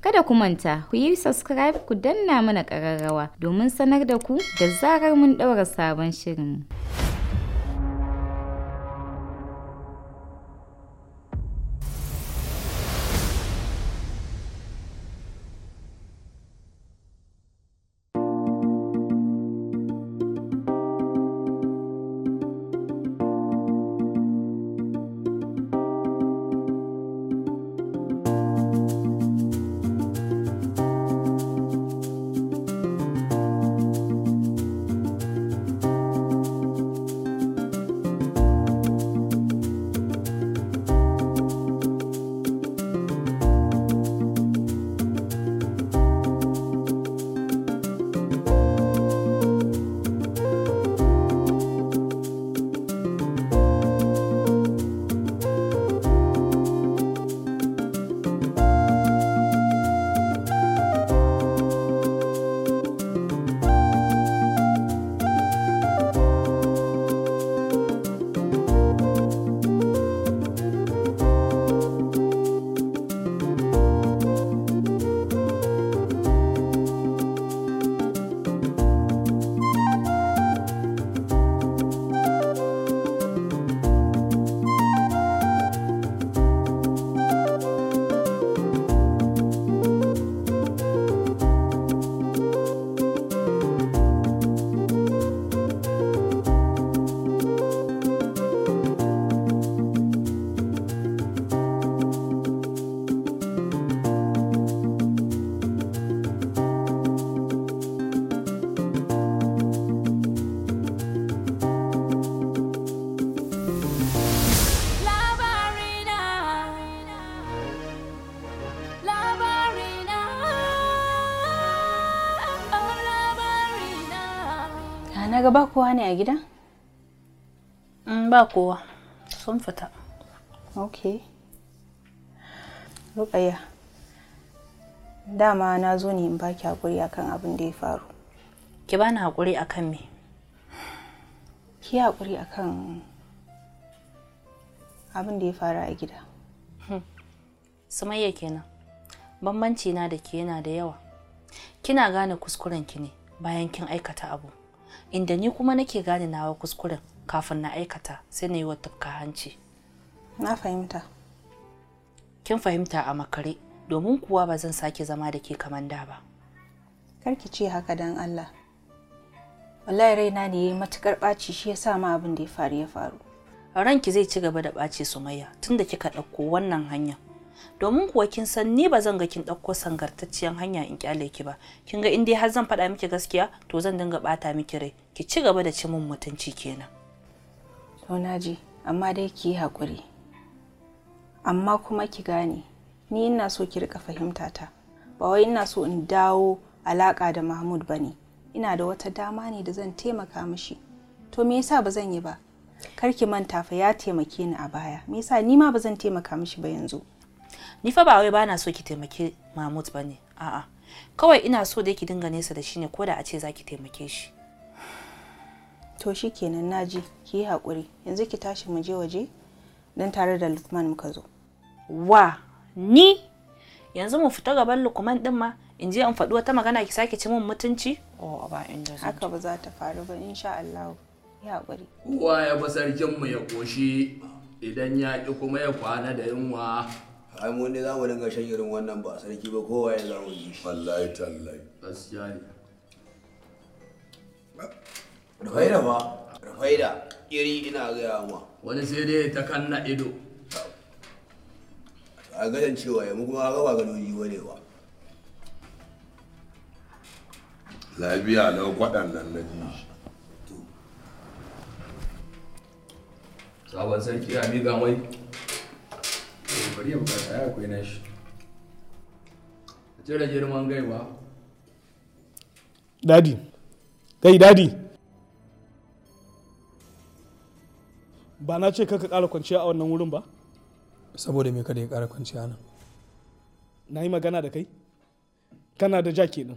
Kada ku manta, ku yi subscribe ku danna mana ƙararrawa domin sanar da ku da zarar mun ɗaura sabon shirin. Daga ba kowa ne a gidan? Mm, ba kowa, sun fita. Ok. Rukaya, dama na zo ne in baki haƙuri akan abin da ya faru. Ki bani haƙuri akan me? Ki haƙuri akan abin da ya faru a gida. Hmm. Sumayya kenan. Bambanci na da ke yana da yawa. Kina gane kuskuren ki ne bayan kin aikata abu. inda ni kuma nake gane nawa kuskuren kafin na aikata sai na yi wa tafka hanci na fahimta kin fahimta a makare domin kuwa ba zan sake zama da ke kamar da ba karki ce haka dan Allah wallahi raina ne yayi matukar ɓaci shi yasa ma abin da ya faru ya faru ranki zai ci gaba da ɓaci sumayya tunda kika ɗauko wannan hanyar. domin kuwa kin san ni ba zan ga kin ɗauko sangartacciyan hanya in kyale ki ba kin ga in dai har zan faɗa miki gaskiya to zan dinga ɓata miki rai ki ci gaba da cimin mutunci kenan to naji amma dai ki yi haƙuri amma kuma ki gane ni ina so ki rika fahimta ta ba wai ina so in dawo alaƙa da mahmud ba ne ina da wata dama ne da zan taimaka mishi to me yasa ba zan yi ba kar ki manta fa ya taimake ni a baya me yasa ni ma ba zan taimaka mishi ba yanzu ni fa ba wai bana so ki taimake Mahmud bane a'a kawai ina so dai ki dinga nesa da shi ne ko da a ce zaki taimake shi to shi kenan naji ki yi hakuri, yanzu ki tashi mu je waje dan tare da lukman muka zo wa ni yanzu mu fita gaban lukman din ma in je in faɗi wata magana ki sake ci min mutunci oh ba haka ba za ta faru ba insha Allah ya hakuri kowa ya ba sarkin mu ya koshi idan ya ki kuma ya kwana da yunwa ai mun ne zamu dinga shan irin wannan ba sarki ba kowa ya zamu ji wallahi tallahi gaskiya ne rufaida ba rufaida iri ina gaya ma wani sai dai ta kanna ido a gadan cewa ya kuma ga ba gadoji bane ba lafiya na kwaɗan nan na ji sabon sarki a miƙa mai bari ya bukata ya akwai shi. a cire girman gaiwa dadi kai dadi ba na ce kaka ƙara kwanciya a wannan wurin ba saboda me kada ya ƙara kwanciya nan na yi magana da kai kana da ja kenan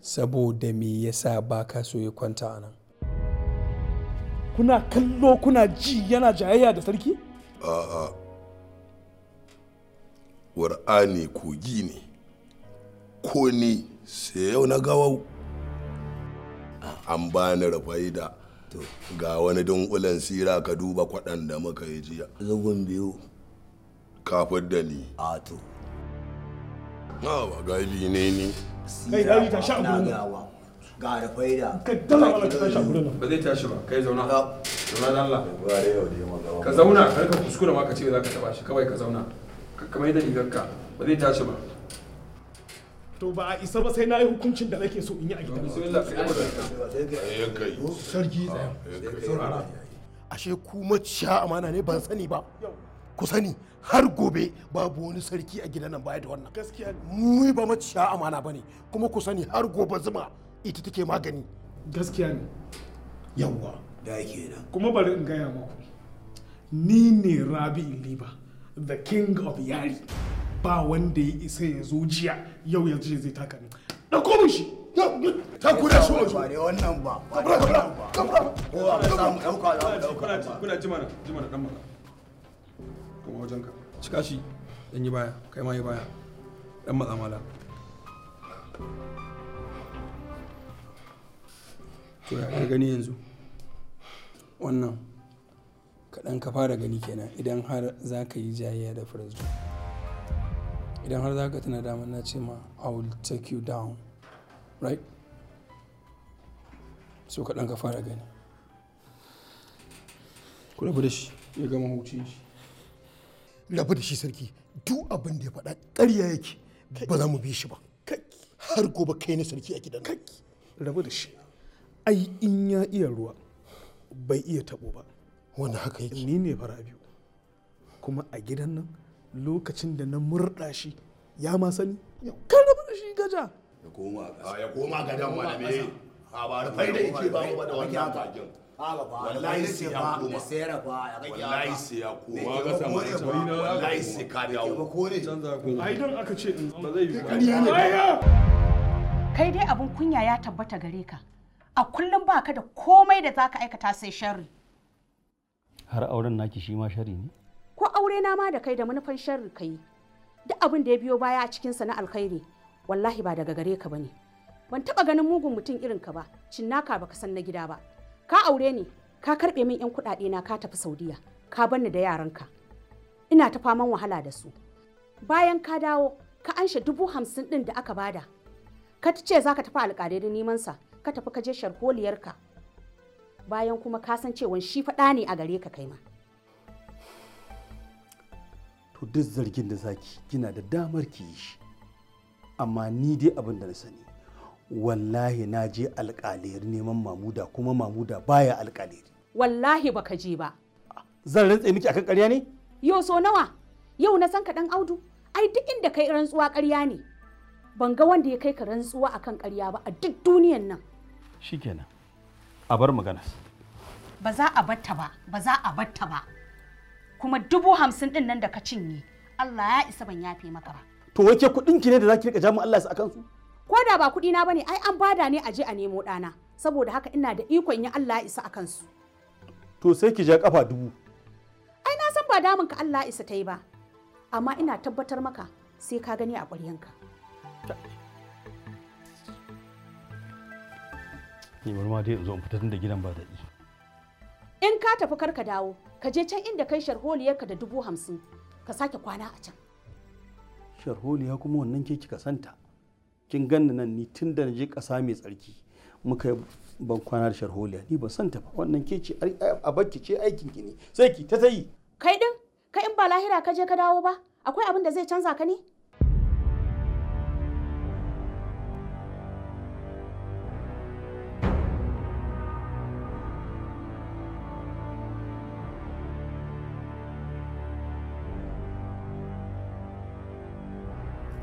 saboda me yasa ba ka so ya kwanta a nan kuna kallo kuna ji yana jayayya da sarki a'a uh, ƙur'ani kogi ne ko ni sai yau na gawau an ba ni da ga wani dunkulen sira ka duba kwaɗan da muka yi jiya zagon biyu kafin da ni a to na ba gabi ne ni kai dawi ta sha gurin ga rufai faida ka dala ba ta sha gurin ba zai tashi ba kai zauna zauna dan Allah ka zauna kar ka kuskura ma ka ce za ka taba shi kawai ka zauna ka mai da rigarka ba zai tashi ba to ba a isa ba sai na yi hukuncin da nake so in yi a gidan sarki ah, ashe ku maciya amana ne ban sani ba ku sani har gobe babu wani sarki a gidan nan baya da wannan mu ba maciya amana bane kuma ku sani har gobe zuma ita take magani gaskiya ne yawwa da kenan kuma bari in gaya muku ni ne rabi'in liba the king of yari ba wanda ya isa ya zo jiya yau ya je zai taka ni da ko shi ta kuna shi wajen ne wannan ba ba ba ba ba kuna ji mana ji mana ka cika shi yi baya kai ma yi baya dan matsa mala to ya gani yanzu wannan kaɗan ka fara gani kenan idan har za ka yi jayayya da firist idan har za ka tana damar na ce ma i will take you down right so kaɗan ka fara gani ku rabu da shi ya gama hucin shi rabu da shi sarki duk abin da ya faɗa ƙarya yake ba za mu bi shi ba har gobe kai na sarki a gidan rabu da shi ai in ya iya ruwa bai iya taɓo ba wani haka yake ni ne fara biyu kuma a gidan nan lokacin da na murɗa shi ya ma sani kar na bar shi gaja ya koma ah, ya koma gadan wani me a ah, ba rufai da yake ba ba da wannan kajin ah, wallahi sai ya koma wallahi sai ya koma ga samu tsari na wallahi sai ka dawo ai dan aka ce in ba zai yi ne. kai dai abun kunya ya tabbata gare ka a kullum baka da komai da zaka aikata sai sharri har auren naki shi ma shari ne ko aure na ma da kai da manufan sharri kai duk abin da ya biyo baya a cikin sa na alkhairi wallahi ba daga gare ka bane ban taba ganin mugun mutum irin ka ba cinnaka baka san na gida ba ka aure ni ka karbe min yan kuɗaɗe na ka tafi saudiya ka banni da yaranka ina ta faman wahala da su bayan ka dawo ka anshe dubu hamsin din da aka bada ka ce za ka tafi alƙalai da neman sa ka tafi ka je sharholiyarka bayan kuma ka san cewa shi faɗa ne a gare ka kai ma to duk zargin da zaki kina da damar ki yi shi amma ni dai abin da na sani wallahi na je alƙaleri neman mamuda kuma mamuda baya alƙaleri wallahi baka je ba zan rantse miki akan ƙarya ne yo so nawa yau na san ka dan audu ai duk inda kai rantsuwa ƙarya ne ban ga wanda ya kai ka rantsuwa akan ƙarya ba a duk duniyan nan shikenan a bar magana ba za a batta ba ba za a batta ba kuma dubu hamsin din nan da ka cinye Allah ya isa ban yafe maka ba to wai ke kudin ki ne da zaki rika jamu Allah su akan su ko da ba kudi na bane ai an bada ne aje a nemo dana saboda haka ina da ikon yin Allah ya isa akan su to sai ki ja kafa dubu ai na san ba damun ka Allah ya isa ta yi ba amma ina tabbatar maka sai ka gani a ƙwaryanka. ni bari ma dai in zo in fita tun da gidan ba daɗi in ka tafi kar ka dawo ka je can inda kai sharholiyarka da dubu hamsin ka sake kwana a can sharholiya kuma wannan ke kika santa kin ganna nan ni tun da je ƙasa mai tsarki muka ban kwana da sharholiya ni ban santa ba wannan ke ce a bakki ce aikin ki ne sai ki ta yi. kai din kai in ba lahira ka je ka dawo ba akwai abin da zai canza ka ne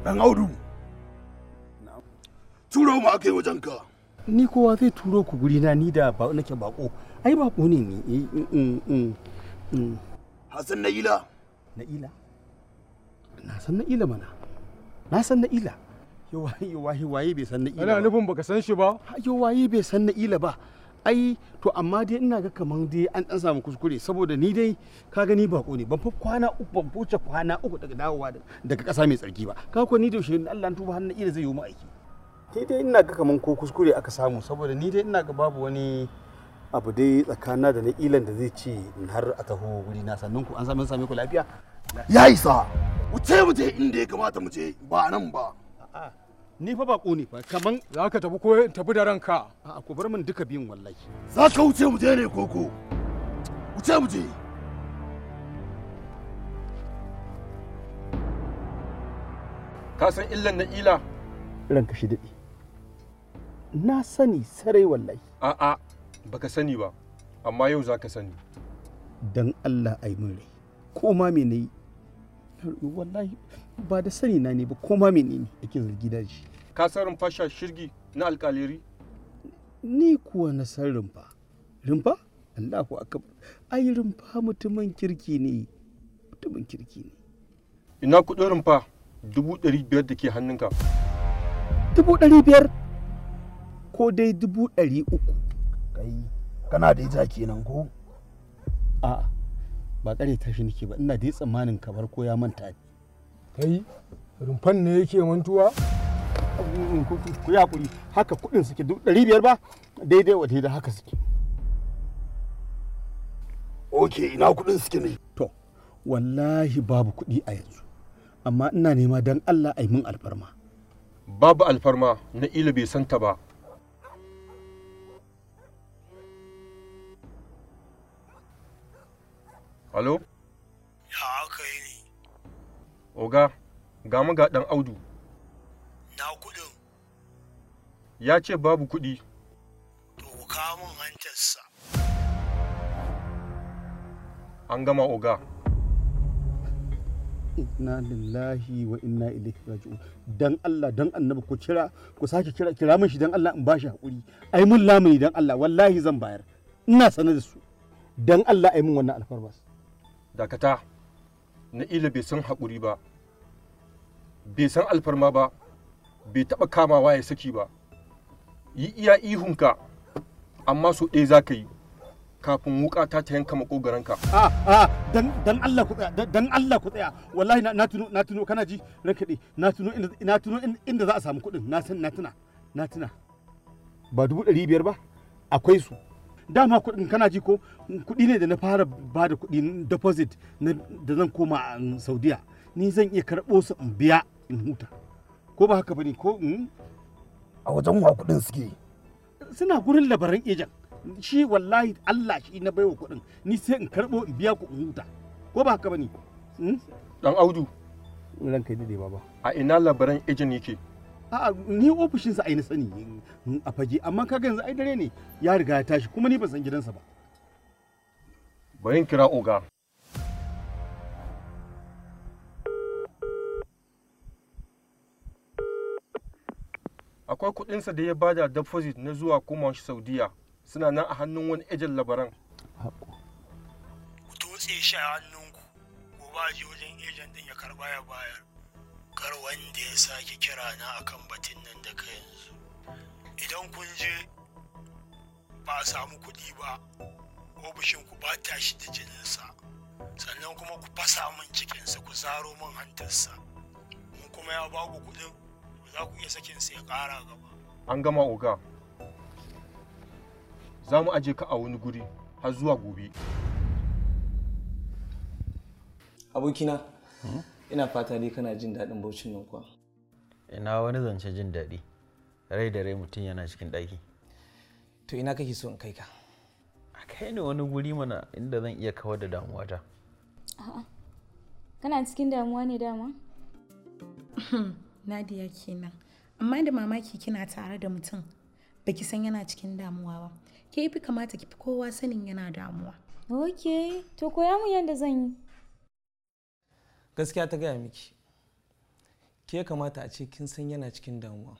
Dan Audu. Turo mu ake wajen ka. Ni kowa zai turo ku guri na ni da ba nake bako. Ai bako ne ni. Eh, mm, mm, mm, hasan Na'ila. Na'ila? Na san Na'ila mana. Na san Na'ila. Yo waye bai san Na'ila. Ana nufin baka san shi ba? Yo bai san Na'ila ba. ai to amma dai ina ga kamar dai an dan samu kuskure saboda ni dai ka gani bako ne ban fa kwana uku ban fuce kwana uku daga dawowa daga ƙasa mai tsarki ba ka ko ni da shi Allah tuba hannun ira zai yi mu aiki ke dai ina ga kamar ko kuskure aka samu saboda ni dai ina ga babu wani abu dai tsakana da na ilan da zai ci har a taho wuri na sannan ku an sami sami ku lafiya ya isa wuce wuce inda ya kamata mu je ba nan ba a'a ni fa bako ne fa kaman za ka tafi ko tafi da ranka a ku bar min duka biyun wallahi za ka wuce mu je ne koko wuce mu je ka san illan na ila ranka shi dadi na sani sarai wallahi a'a baka sani ba amma yau za ka sani dan Allah ai mun rai ko ma me nayi wallahi ba da sani na ne ba ko ma menene yake zargi da shi ka san rumfa sha shirgi na alƙaleri ni kuwa na san rumfa rumfa Allahu akbar ai rumfa mutumin kirki ne mutumin kirki ne ina kuɗin rumfa dubu ɗari biyar da ke hannunka dubu ɗari biyar ko dai dubu ɗari uku kai kana da ita kenan ko a'a ba ƙare tashi nake ba ina dai tsammanin kamar ko ya manta ni. kai rumfan ne yake mantuwa mm, ku yi hakuri haka kuɗin suke duk ɗari biyar ba daidai wa daidai haka suke ok ina kuɗin suke ne to wallahi babu kuɗi a yanzu amma ina nema don allah a yi min alfarma babu alfarma na ila bai santa ba halo ya Oga, ga mu ga ɗan Audu. Na kuɗin. Ya ce babu kudi To ku kawo min hantarsa. An gama oga. Inna lillahi wa inna ilaihi raji'un. Dan Allah dan Annabi ku kira ku sake kira kira min shi dan Allah in ba shi hakuri. Ai mun lamuni dan Allah wallahi zan bayar. Ina sanar da su. Dan Allah ai mun wannan alfarmas. Dakata. na'ila bai san haƙuri ba bai san alfarma ba bai taɓa kamawa ya saki ba yi iya ihunka amma so ɗaya za ka yi kafin wuka ta ta yanka makogaranka. A a dan dan Allah ku tsaya dan Allah ku tsaya wallahi na tuno na tuno kana ji ranka dai na tuno inda na tuno inda za a samu kuɗin na san na tuna na tuna ba dubu ɗari biyar ba akwai su dama kuɗin kana ji ko kuɗi ne da na fara ba da kudi deposit da zan koma a um, saudiya ni zan iya karɓo su in biya in huta ko ba haka ba ne ko hmm? a wajen wa kuɗin suke suna gurin labaran ejan shi wallahi allah shi na baiwa kuɗin ni sai in karɓo in biya ku in huta ko ba haka ba ne hmm? dan audu ranka ne baba a ina labaran ejan yake a'a ni ofishinsa ai na sani a fage amma kaga yanzu ai dare ne ya riga ya tashi kuma ni ban san gidansa ba bari kira oga akwai kudinsa da ya bada deposit na zuwa koma shi saudiya suna nan a hannun wani ejen labaran ku tutse shi a hannunku gobe ba wajen ejen din ya karba ya bayar kar wanda ya sake kira na akan batun nan da ka yanzu idan kun je ba a samu kuɗi ba ofishin ku ba ta shi da jininsa sannan kuma ku fasa min cikinsa ku zaro min hantarsa mun kuma ya ba ku kuɗin za ku iya sakin sa ya ƙara gaba an gama oga za mu aje ka a wani guri har zuwa gobe abokina hmm? ina fata dai kana jin daɗin baucin nan kuwa ina wani zance jin daɗi rai da rai mutum yana cikin ɗaki to ina kake so in kai ka a kai ne wani guri mana inda zan iya kawar da damuwata a'a kana cikin damuwa ne dama nadiya kenan amma da mamaki kina tare da mutum baki san yana cikin damuwa ba ke fi kamata ki fi kowa sanin yana damuwa ok to koya mu yadda zan yi gaskiya ta gaya miki ke kamata a ce kin san yana cikin damuwa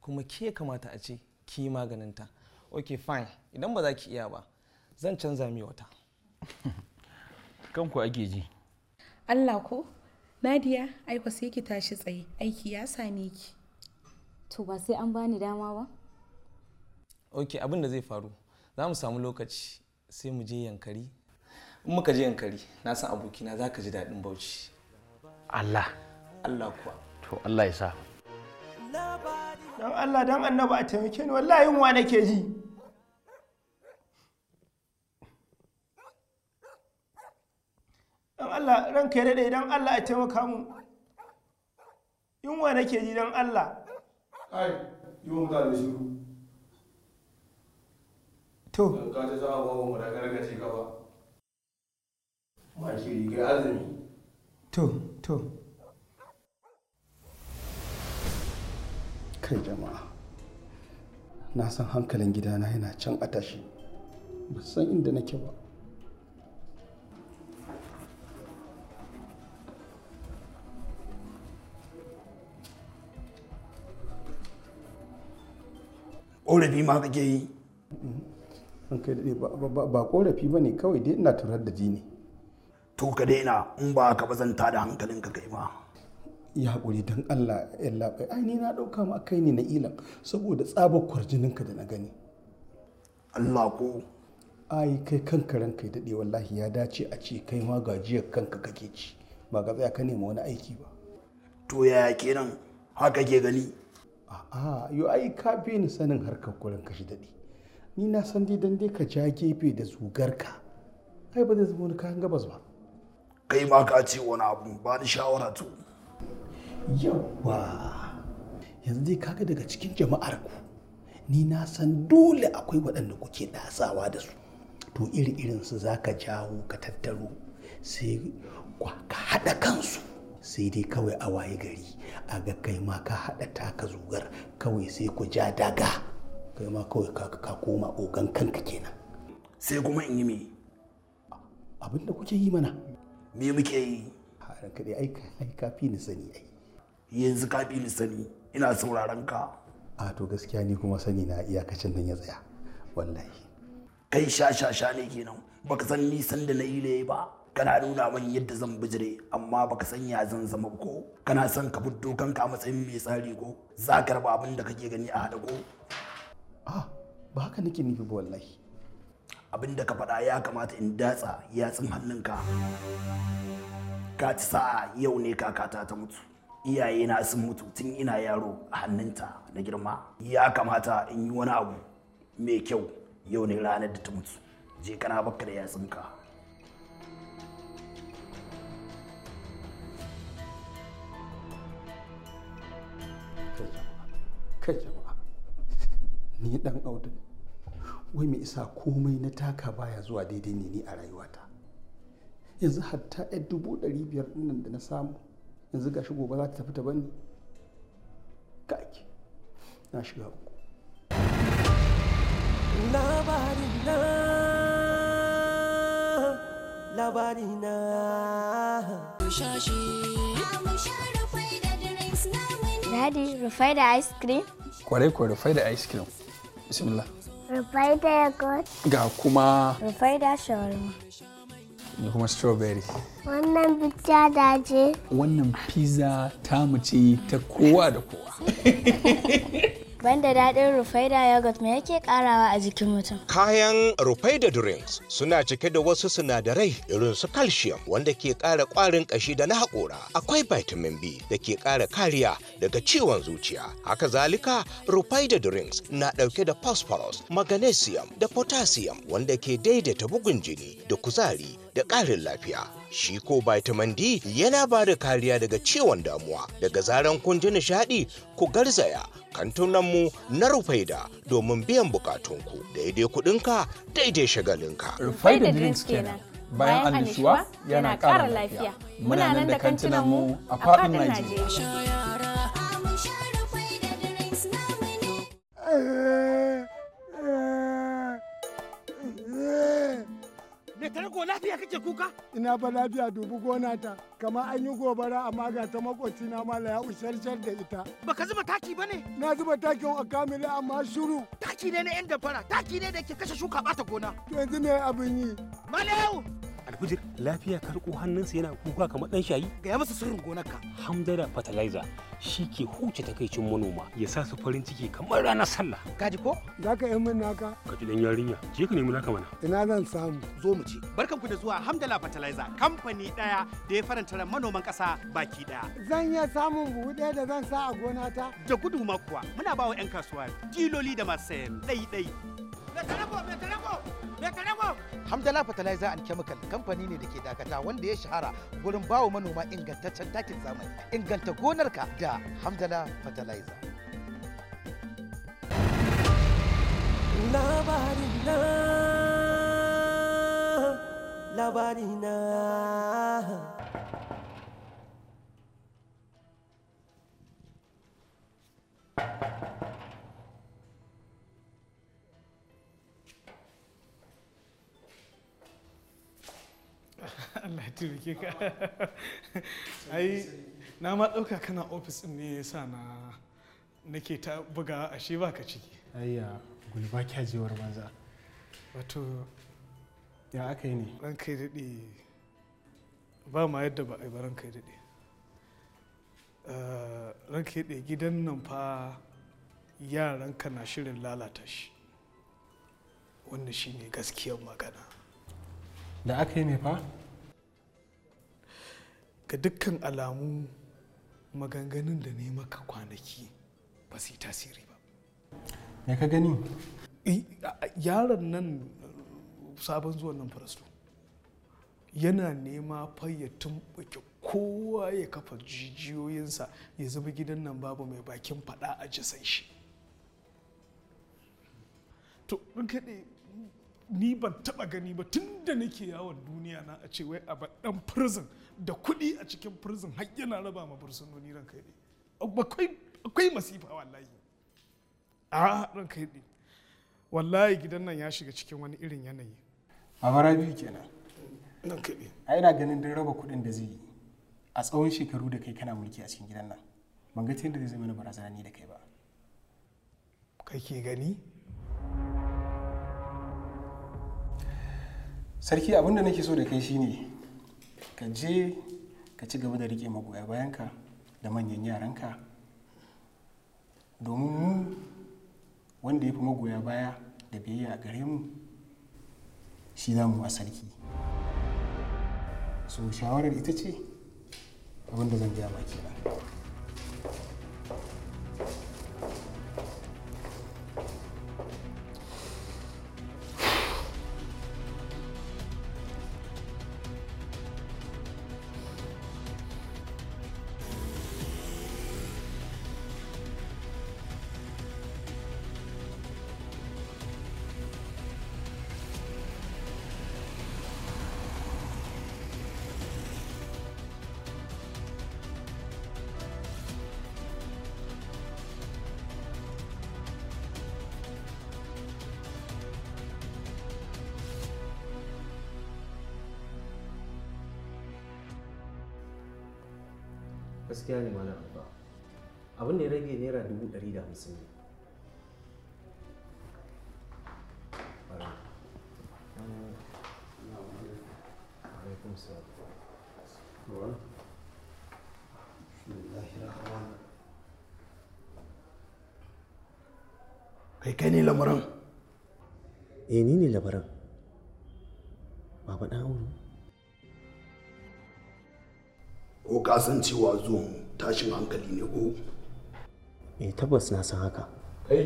kuma ke kamata a ce ki yi maganinta ok fine idan ba za ki iya ba zan canza mi wata kanku ake ji allah ko nadia aiko sai ki tashi tsaye aiki ya same ki to ba sai an bani dama ba ok abin da zai faru za mu samu lokaci sai mu je yankari in muka je yankari na san abokina za ka ji daɗin bauchi Allah Allah kuwa to Allah ya sa dan Allah dan annaba a taimake ni wallahi yunwa nake ji dan Allah ranka ya daɗe dan Allah a taimaka mu yunwa nake ji dan Allah ai yunwa ka da shiru to ka ji za a ba mu da gargace ka ba ma shi rigar azumi to to kai jama'a na san hankalin gidana yana can a tashi ba san inda nake ba ƙorafi ma kake yi ba ƙorafi ba ne kawai dai ina turar da jini. ne to ka daina in ba ka bazanta da hankalinka kai ma ya haƙuri don allah yalla bai ai ni na ɗauka ma kai ne na ilan saboda tsabar ka da na gani allah ko ai kai kanka ranka ya dade wallahi ya dace a ce kai ma gajiyar kanka kake ci ba ka tsaya ka nema wani aiki ba to yaya kenan haka ke gani a'a yo ai ka bi ni sanin harkar kurin kashi daɗi ni na san dai dan dai ka ja gefe da zugarka ai ba zai zama wani kayan gabas ba kai ma ka ce wani abu ba ni shawara to yawa yanzu dai kaga daga cikin jama'ar ku ni na san dole akwai waɗanda kuke ɗasawa da su to iri irin su za ka jawo ka tattaro sai ka haɗa kansu sai dai kawai a waye gari a ga kai ma ka haɗa taka zugar kawai sai ku ja daga kai ma kawai ka koma ogan kanka kenan sai kuma in yi me abin da kuke yi mana me muke yi har kaɗai ai ka ni sani ai yanzu ka ni sani ina sauraron ka a to gaskiya ni kuma sani na iyakacin nan ya tsaya wallahi kai sha sha sha ne kenan baka san nisan da na yi ba kana nuna man yadda zan bijire amma baka san ya zan zama ko kana san ka fito kanka a matsayin mai tsari ko za ka raba abin da kake gani a hada ko ah ba haka nake nufi ba wallahi abin da ka faɗa ya kamata in datsa yatsun hannunka ka ci sa'a yau ne kakata ta mutu iyaye na sun mutu tun ina yaro a hannunta na girma ya kamata in yi wani abu mai kyau yau ne ranar da ta mutu je kana bakka da yatsunka kai jama'a ni dan audu wai me isa komai na taka baya zuwa daidai ne ni a rayuwata yanzu hatta yan dubu ɗari biyar ɗinnan da na samu yanzu gashi gobe za ta tafi ta bani kaki na shiga uku labarina na Daddy, Rufai da ice cream? Kwarai kwa Rufai da ice cream. Bismillah. Rufai da yogurt. Ga kuma. Rufai da shawarma. Ni kuma strawberry. Wannan pizza da je. Wannan pizza ta mace ta kowa da kowa. Banda daɗin Rufaida yogurt me yake ƙarawa a jikin mutum? Kayan Rufaida drinks suna cike da wasu sinadarai irin su calcium wanda ke ƙara ƙwarin ƙashi da na haƙora. Akwai vitamin B da ke ƙara kariya daga ciwon zuciya. Haka zalika Rufaida drinks na ɗauke da phosphorus, magnesium da potassium wanda ke daidaita bugun jini da kuzari da ƙarin lafiya. Shi ko vitamin D yana ba da kariya daga ciwon damuwa. Daga zaran kun ji nishaɗi ku garzaya kantunanmu na Rufaida domin biyan bukatunku. Daidai kuɗinka daidai shagalinka. Rufaida Drinks kenan. Bayan annishuwa yana ƙara lafiya. Muna nan da kantunanmu a faɗin Najeriya. Tarko lafiya kake kuka? Ina ba lafiya dubu gona ta, kamar an yi gobara amma ga ta makwaci na mala ya usharshar da ita. Baka zuba taki ba ne? Na zuba takin a kamila amma shuru. Taki ne na yan dafara, taki ne da ke kashe shuka bata gona. To yanzu ne abin yi. Malayu! alfijir lafiya karko hannunsa yana kuka kamar dan shayi gaya masa sirrin gonarka hamdala fertilizer shi ke huce takaicin manoma ya sa su farin ciki kamar ranar sallah kaji ko za ka yi min naka ka ji dan yarinya je ka nemi naka mana ina zan samu zo mu ci barkanku da zuwa hamdala fertilizer kamfani daya da ya faranta ran manoman kasa baki daya zan iya samun buhu daya da zan sa a gonata da gudu kuwa muna bawa 'yan kasuwa Tiloli da masu sayan ɗai-ɗai. Mai tarako, Hamdala Fertilizer and Chemical kamfani ne da ke dakata wanda ya shahara gurin bawa manoma ingantaccen takin zamani. Inganta gonarka da Hamdala Fertilizer. Labarina Labarina turke ka ai na ma ɗauka kana ofis ne ne yasa na nake ta buga ashe shi baka ciki ayya gulba kyajewar banza wato ya aka yi ne ran kai daɗe ba ma yadda ba a yi ba ran kai daɗe eh, ran kai daɗe gidan nan fa yaranka na shirin lalata shi wannan shine gaskiyar magana da aka yi ne fa ga dukkan alamu maganganun da ne maka kwanaki ba su yi tasiri ba ya ka gani yaron nan sabon zuwan nan farastu yana nema fayyatun tumɓuke kowa ya kafa jijiyoyinsa ya zama gidan nan babu mai bakin fada a jisan shi to kaɗe ni ban taɓa gani ba tun da nake yawon duniya na a ce wai a ɗan prison da kuɗi a cikin prison har yana raba ma fursunoni ran kai akwai masifa wallahi a ran kai ne wallahi gidan nan ya shiga cikin wani irin yanayi a mara biyu kenan kai a ina ganin don raba kuɗin da zai yi a tsawon shekaru da kai kana mulki a cikin gidan nan ban ga ta yadda zai mana barazana ni da kai ba kai ke gani sarki abinda nake so da kai shine ka je ka ci gaba da riƙe magoya bayanka da manyan yaranka domin mu wanda ya fi magoya baya da biyayya a gare mu shi za mu a sarki so shawarar ita ce abinda zan biya maki ba hamsin kai kai ne lamarin eh ni ne lamarin baba dan auru ko ka san cewa zuwan tashin hankali ne ko eh tabbas na san haka kai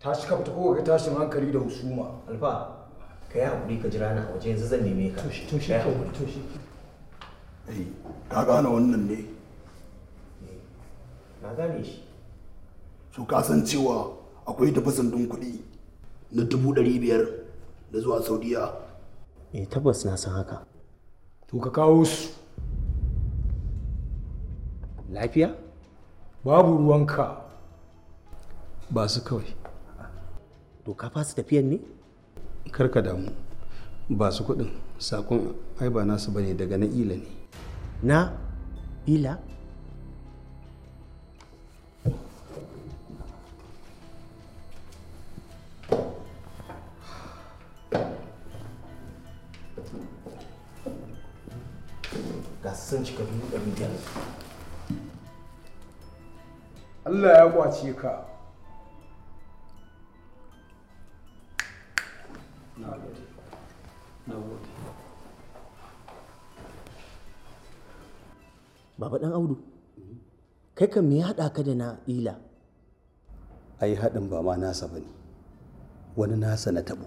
ta ka fita ko ga tashin hankali da husuma alfa kai hakuri ka jira na waje yanzu zan neme ka toshi toshi hakuri toshi eh ka gane wannan ne eh, na gane shi so ka san cewa akwai tafi sandun kuɗi na dubu ɗari biyar da zuwa saudiya eh tabbas na san haka to ka kawo su lafiya babu ruwanka ba su kawai to ka fasa tafiyan ne karka damu ba su kuɗin sakon ai ba nasu bane daga na ila ne na ila sun cika dubu ɗari biyar. Allah ya kwace ka baba dan audu kai kan me ya haɗa ka da na na'ila ai haɗin ba ma nasa ba ne wani nasa na taɓo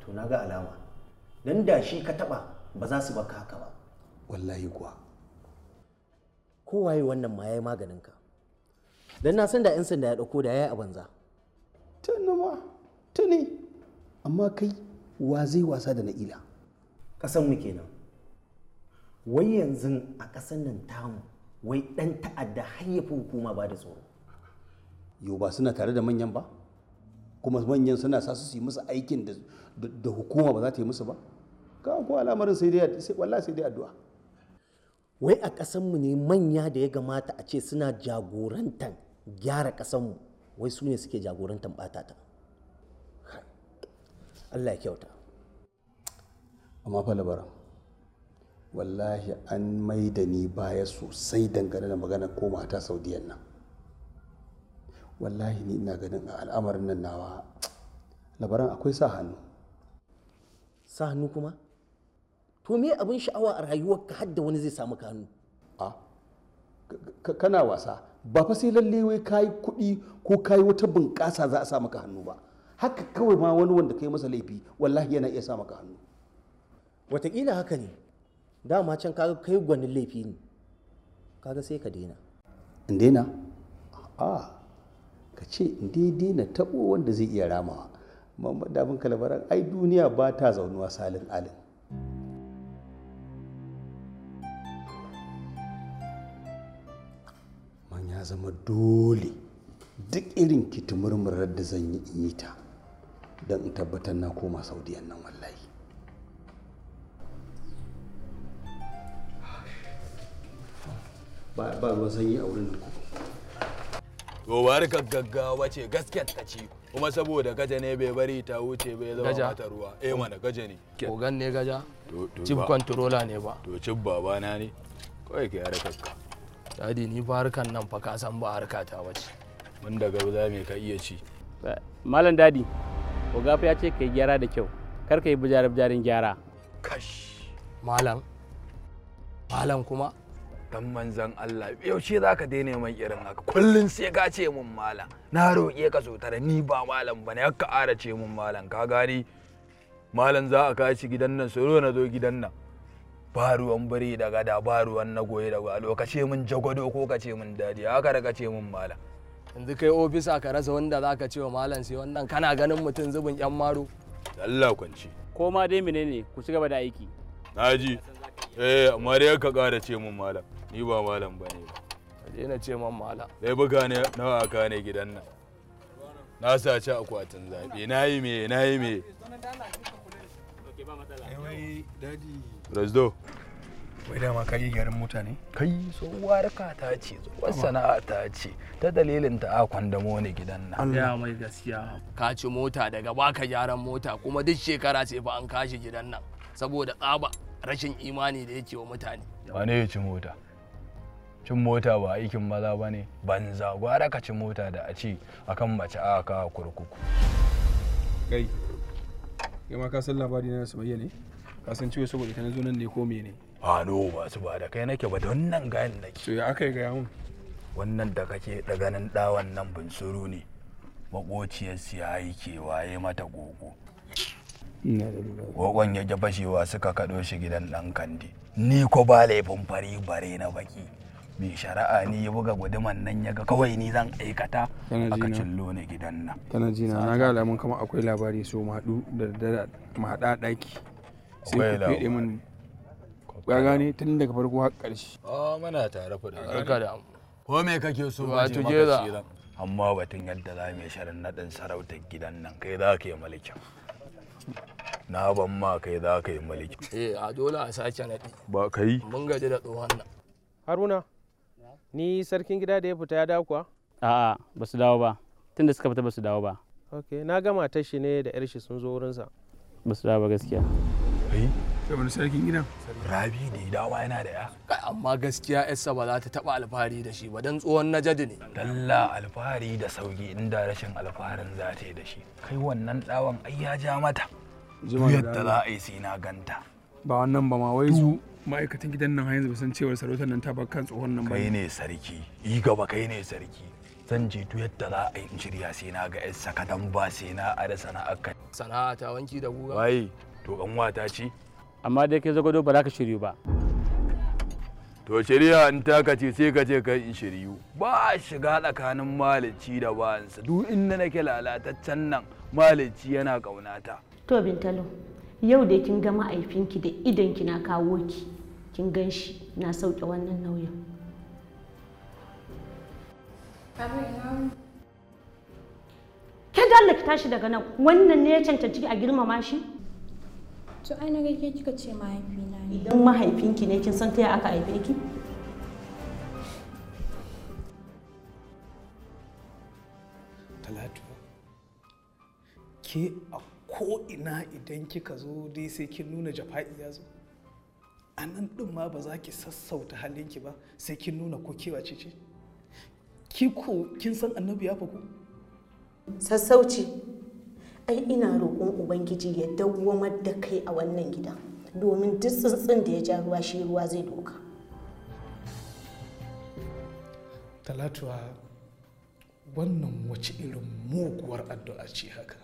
to na ga alama Nan da shi ka taɓa ba za su baka haka ba wallahi kuwa kowaye wannan ma ya yi maganinka don na san da 'yan sanda ya dauko da ya yi a banza tuni ma tuni amma kai wa zai wasa da na ila ƙasan mu kenan wai yanzu a ƙasar nan tamu wai ɗan ta'adda hayyafi hukuma ba da tsoro yau ba suna tare da manyan ba kuma manyan suna sa su yi musu aikin da hukuma ba za ta yi musu ba kawai ko al'amarin sai dai sai wallahi sai dai addu'a wai a mu ne manya da ya gamata a ce suna jagorantar gyara ƙasanmu wai su ne suke jagorantar ɓata ta Allah ya kyauta amma fa labaran wallahi an mai da ni baya sosai dangane da magana ko mata saudiyan nan wallahi ni ina ganin a al'amarin nan nawa labaran akwai sa hannu sa hannu kuma to me abin sha'awa a rayuwar ka hadda wani zai samu kanu a kana wasa ba fa sai lalle wai kayi kuɗi ko kai wata bunƙasa za a sa maka hannu ba haka kawai ma wani wanda kai masa laifi wallahi yana iya sa maka hannu wataƙila haka ne dama can kaga kai gwanin laifi ne kaga sai ka daina in daina a ka ce in dai daina tabo wanda zai iya ramawa mamman damin kalabaran ai duniya ba ta zaunuwa salin alin man ya zama dole duk irin kitimurmurar da zan yi in yi ta don in tabbatar na koma saudiyan nan wallahi ba ruwan sanyi a wurin ku to barkar gaggawa ce gaskiyar ta ci kuma saboda gaja ne bai bari ta wuce bai zama mata ruwa eh mana gaja ne kogan ne gaja chief controller ne ba to chip baba na ne kawai ke harkar ka dadi ni ba harkar nan fa ka san ba harka ta wace. mun daga za mai ka iya ci eh, malam dadi fa ya ce ka yi gyara da kyau kar ka yi bujarar bujarin gyara kash malam malam kuma dan manzan Allah yaushe za ka daina man irin haka kullum sai ka ce mun malam na roƙe ka so tare ni ba malam bane ka ara ce mun malam ka gani malam za a kashi gidan nan so na zo gidan nan ba ruwan biri da gada ba ruwan na goye da gado ka ce mun jagwado ko ka ce mun dadi haka da ka ce mun malam yanzu kai ofis aka rasa wanda za ka ce wa malam sai wannan kana ganin mutum zubin yan maro Allah kwanci ko ma dai menene ku ci gaba da aiki na ji eh amma dai ka kara ce mun malam ni ba malam ba ne ba ka daina ce man malam dai buga ne nawa ka ne gidan nan na sace akwatin zabe na yi me na yi me rasdo eh, wai dama kai garin mutane kai tsohuwar ta ce tsohuwar sana'a ta ce ta dalilin ta a da ne gidan nan ya mai gaskiya ka ci mota daga baka gyaran mota kuma duk shekara ce fa an kashi gidan nan saboda tsaba rashin imani da yake wa mutane wane ya ci mota cin mota ba aikin maza ba ne banza gwara ka ci mota da a ce akan mace a ka kurkuku gai kai ma ka san labari na su bayyane ka san ciwo saboda ita na zo nan ne ko mene a no ba su ba da kai nake ba da wannan gayan nake to ya aka yi gaya mun wannan da kake da ganin dawan nan bunsuru ne makociyar siya yi kewaye mata gogo Gogon ya ji fashewa suka kaɗo shi gidan ɗan kandi. Ni ko ba laifin fari bare na baki. mai shari'a ne ya buga guduman nan ya ga kawai ni zan aikata aka cillo ni gidan nan kana jina na ga alamun kamar akwai labari so madu da daddare mu daki sai ku fiɗe min ya gane tun daga farko har karshe a muna tare fa da barka da ko me kake so ba to jera amma batun yadda za mu yi shirin nadin sarautar gidan nan kai za ka yi mulkin na ban ma kai za ka yi mulki. Eh, a dole a sace naɗi. Ba ka yi? Mun gaji da tsohon nan. Haruna, ni sarkin gida da ya fita ya dawo kuwa a'a ba su dawo ba tun da suka fita ba su dawo ba ok na gama ta ne da yar'shi sun zo wurinsa ba su dawo ba gaskiya eh? ai saboda sarkin gidan rabi ne dawo yana da ya amma gaskiya yarsa ba za ta taba alfahari da shi ba dan tsohon jadi ne dalla alfahari da sauki inda rashin alfaharin za ta yi da shi kai wannan tsawon ai ya ja mata yadda za a yi sai na ganta ba wannan ba ma wai su ma'aikatan gidan nan yanzu san cewar sarautar nan ta kan tsohon nan ba kai ne sarki yi gaba kai ne sarki zan je tu yadda za a yi in shirya sai na ga yan sakatan ba sai na a da sana'ar sana'a ta wanki da guga wai to kan wata ci amma dai kai zagado ba za ka shiryu ba to shirya in taka ce sai ka ce kai in shiryu ba shiga tsakanin malici da bayansa duk inda nake lalataccen nan malici yana kaunata to bintalo yau da kin ga ma'aifinki da idan kina kawo ki kin gan shi na sauke wannan nauyin ke dalla ki tashi daga nan wannan ne ya cancanci a girmama shi to ai na ke kika ce mahaifina ne idan mahaifinki ne kin san ta aka haife ki talatu ke a ko ina idan kika zo dai sai kin nuna jafa'i ya zo a nan ɗin ma ba za ki sassauta halinki ba sai kin nuna ko kewa ce ki ko kin san annabi ya faku sassauci ai ina roƙon ubangiji ya dawwamar da kai a wannan gida domin duk tsuntsun da ya ja ruwa shi ruwa zai doka talatuwa wannan wace irin muguwar addu'a ce haka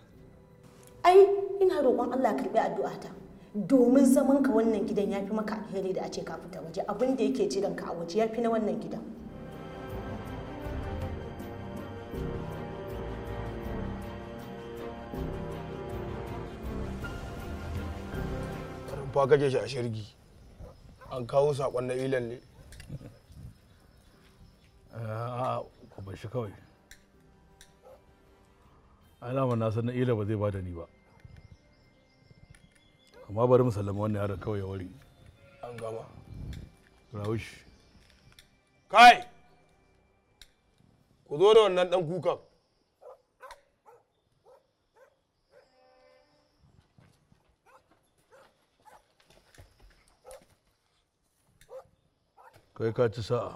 ai ina roƙon Allah karɓi addu'a ta domin zaman ka wannan gidan ya fi maka alheri da a ce ka fita waje abin da yake jiran ka a waje ya fi na wannan gidan fa kake shi a shirgi an kawo saƙon na ilan ne ku bar shi kawai alama na san na ila ba zai ba da ni ba amma bari mu sallama wannan yaron kawai ya wari an gama rawish kai ku zo da wannan dan kukan kai ka ci sa'a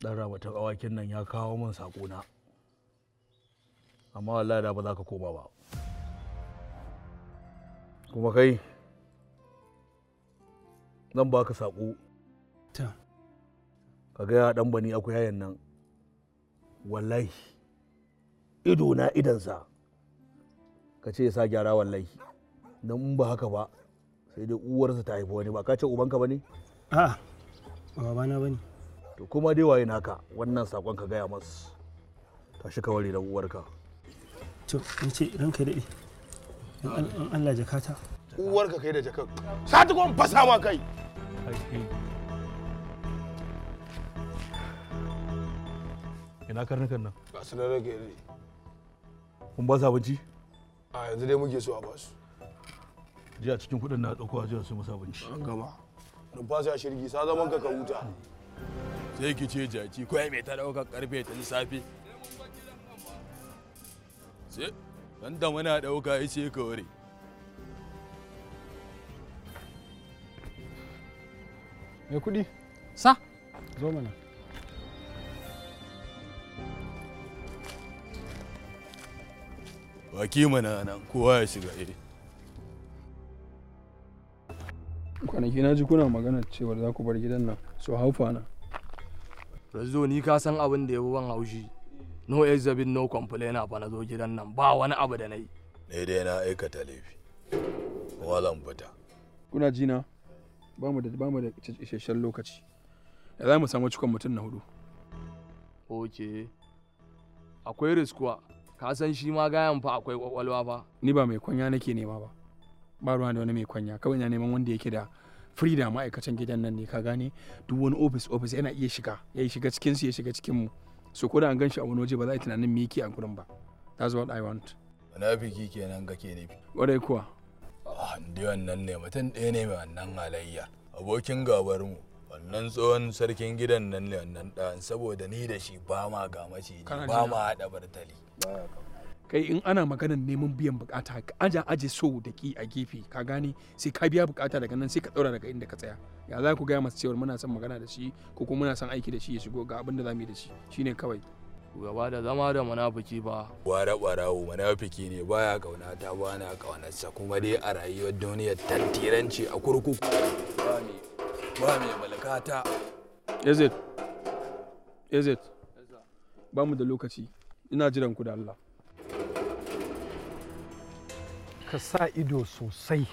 ɗan ramatan awakin nan ya kawo min saƙona amma wallahi da ba za ka koma ba kuma kai zan baka saƙo ka gaya ɗan bani akwai yayan nan wallahi ido na idansa ka ce ya sa gyara wallahi don in ba haka ba sai dai uwarsa ta haifi wani ba ka ce ubanka ba ne? ba na ba ne to kuma dai waye naka wannan saƙon ka gaya masu tashi ka ware da uwarka to in ce ranka daɗe in Allah jakata uwarka kai da jakan sati ko fasa ma kai ina karnukan nan ga su nan rage ne kun ba su abinci a yanzu dai muke so a basu ji a cikin kudin na dauko a jiya su musu abinci an gama numfashi shirgi sa zaman ka ka huta sai ki ce jaki ko ya mai ta daukar karfe ta lissafi sai wanda muna ɗauka ishe kore mai kuɗi sa zo mana baki mana nan kowa ya shiga iri kwanaki na ji kuna magana cewar za ku bar gidan nan so haufa na razzo ni ka san abin da ya ban haushi no exhibit no complainer fa na zo gidan nan ba wani abu da na yi ne dai na aikata laifi walan fita kuna ji ba mu da ba mu da isasshen lokaci da za mu samu cikon mutum na hudu ok akwai riskuwa ka san shi ma gayan fa akwai kwakwalwa fa ni ba mai kwanya nake nema ba ba ruwa da wani mai kwanya kawai na neman wanda yake da frida ma'aikacin gidan nan ne ka gane duk wani ofis ofis yana iya shiga ya shiga cikinsu ya shiga cikin mu Su ko da an ganshi a wani waje ba za a yi tunanin me yake a gurin ba that's what i want munafiki kenan kake nufi kwarai kuwa ah ndi wannan ne mutum ɗaya ne mai wannan halayya abokin gabar mu wannan tsohon sarkin gidan nan ne wannan ɗan saboda ni da shi ba ma ga maciji ba ma haɗa bartali kai in ana maganar neman biyan bukata ka aja aje so da ki a gefe ka gane sai ka biya bukata daga nan sai ka daura daga inda ka tsaya ya za ku gaya masu cewar muna son magana da shi ko kuma muna son aiki da shi ya shigo ga abin da za mu yi da shi shine kawai gaba da zama da munafiki ba ware warawo munafiki ne baya kauna ta bana sa kuma dai a rayuwar duniyar tantiranci a kurkuku ba ne ba mai malakata is it ba mu da lokaci ina jiran ku da Allah ka sa ido sosai